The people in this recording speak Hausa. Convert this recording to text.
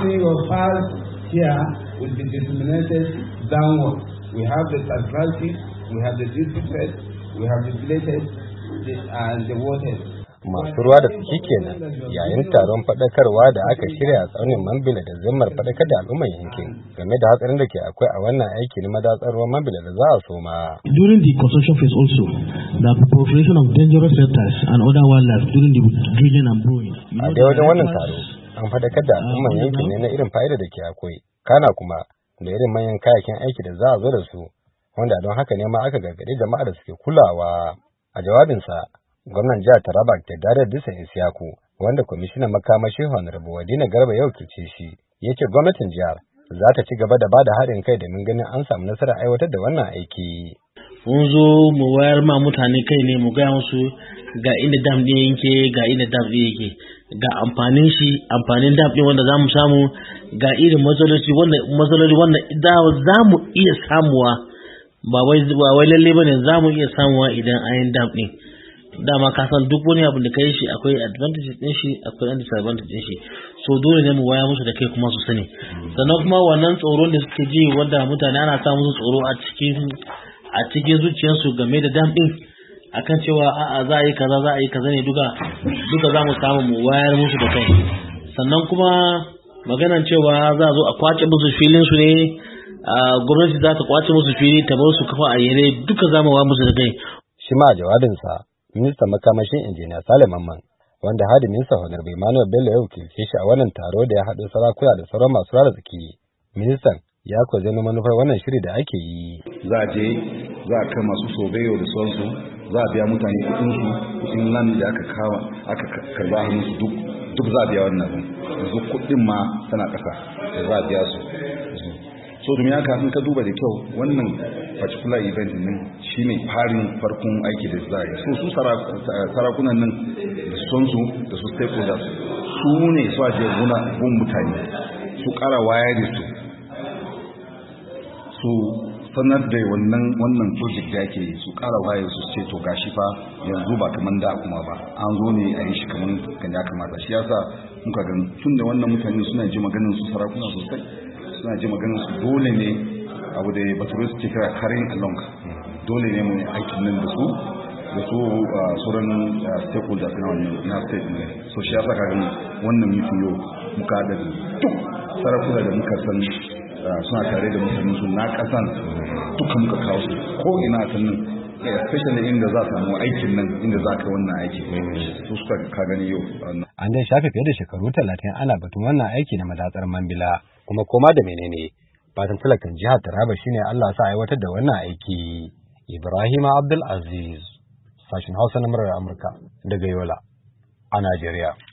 something of ours here will be disseminated downward. We have the Atlantic, we have the Pacific, we have the Atlantic, and the uh, water. masu ruwa da suke kenan yayin taron faɗakarwa da aka shirya a tsaunin mambila da zimmar faɗakar da al'ummar yankin game da hatsarin da ke akwai a wannan aiki na madatsar ruwan mambila da za a soma. during the construction phase also the proliferation of dangerous reptiles and other wildlife during the drilling and brewing. a dai wajen wannan taro an fadakar da al'umman mm-hmm. yankin ne na irin fa'ida da ke akwai kana kuma da irin manyan kayayyakin aiki da za a zo da su wanda don haka ne ma aka gargaɗe jama'a da suke kulawa a jawabinsa gwamnan jihar taraba da darar dusan isiyaku wanda kwamishinan makamashi honorable wadina garba yau ce shi ya ce gwamnatin jihar za ta ci gaba da ba da haɗin kai domin ganin an samu nasarar aiwatar da wannan aiki. mun zo mu wayar ma mutane kai ne mu gaya musu ga inda dam ɗin yake ga inda dam ɗin yake ga amfanin shi amfanin dam ɗin wanda zamu samu ga irin matsaloli wanda matsaloli wanda zamu iya samuwa ba wai ba wai lalle bane zamu iya samuwa idan ayin dam ɗin dama ka san duk wani abu da kai shi akwai advantage ɗin shi akwai disadvantage ɗin shi so dole ne mu waya musu da kai kuma su sani sannan kuma wannan tsoron da suke ji wanda mutane ana sa musu tsoro a cikin a cikin zuciyarsu game da dam ɗin akan cewa a'a za a yi kaza za a yi kaza ne duka duka za mu samu mu wayar musu da kai sannan kuma maganan cewa za a zo a kwace musu filin su ne a gwamnati za ta kwace musu fili ta bar su kafa a yare duka za mu wa musu da kai shi ma jawabinsa ministan makamashin injiniya Salim Mamman, wanda Honar bai Emmanuel Bello ya wakilce shi a wannan taro da ya haɗu sarakuna da sauran masu rara tsaki. Ministan ya kwa zai manufar wannan shiri da ake yi. Za a je za a kai masu sobeyo da sauransu za a biya mutane kudinsu su kudin land da aka kawa aka karba hannun su duk duk za a biya wannan abin yanzu kudin ma tana kasa da za a biya su so domin haka in ka duba da kyau wannan particular event ne shi ne farin farkon aiki da za a yi so su sarakunan nan da son su da su stakeholders su ne su ajiye guna gun mutane su kara waya da su su sanar da wannan wannan project da yake su ƙara waye su ce to gashi fa yanzu ba kaman da kuma ba an zo ne a yi shi kaman kan ya kamata shi yasa muka ga tun da wannan mutane suna ji maganin su sarakuna sosai suna ji maganin su dole ne abu da bature suke kira karin along dole ne mu aikin nan da su da su ah, sauran ah, stakeholders na wannan na state ne so shi yasa ka ga wannan mitin yau muka da duk sarakuna da muka sani Eh, suna tare da mutane su na kasan duka muka kawo su ko ina sannan eh, especially inda za samu aikin nan inda za ka wannan aiki su suka ka gani yau an dai shafe fiye da shekaru talatin ana batun wannan aiki na madatsar mambila kuma koma da menene fatan talakan jihar taraba shine allah sa aiwatar da wannan aiki ibrahim abdul aziz sashen hausa na murar amurka daga yola a najeriya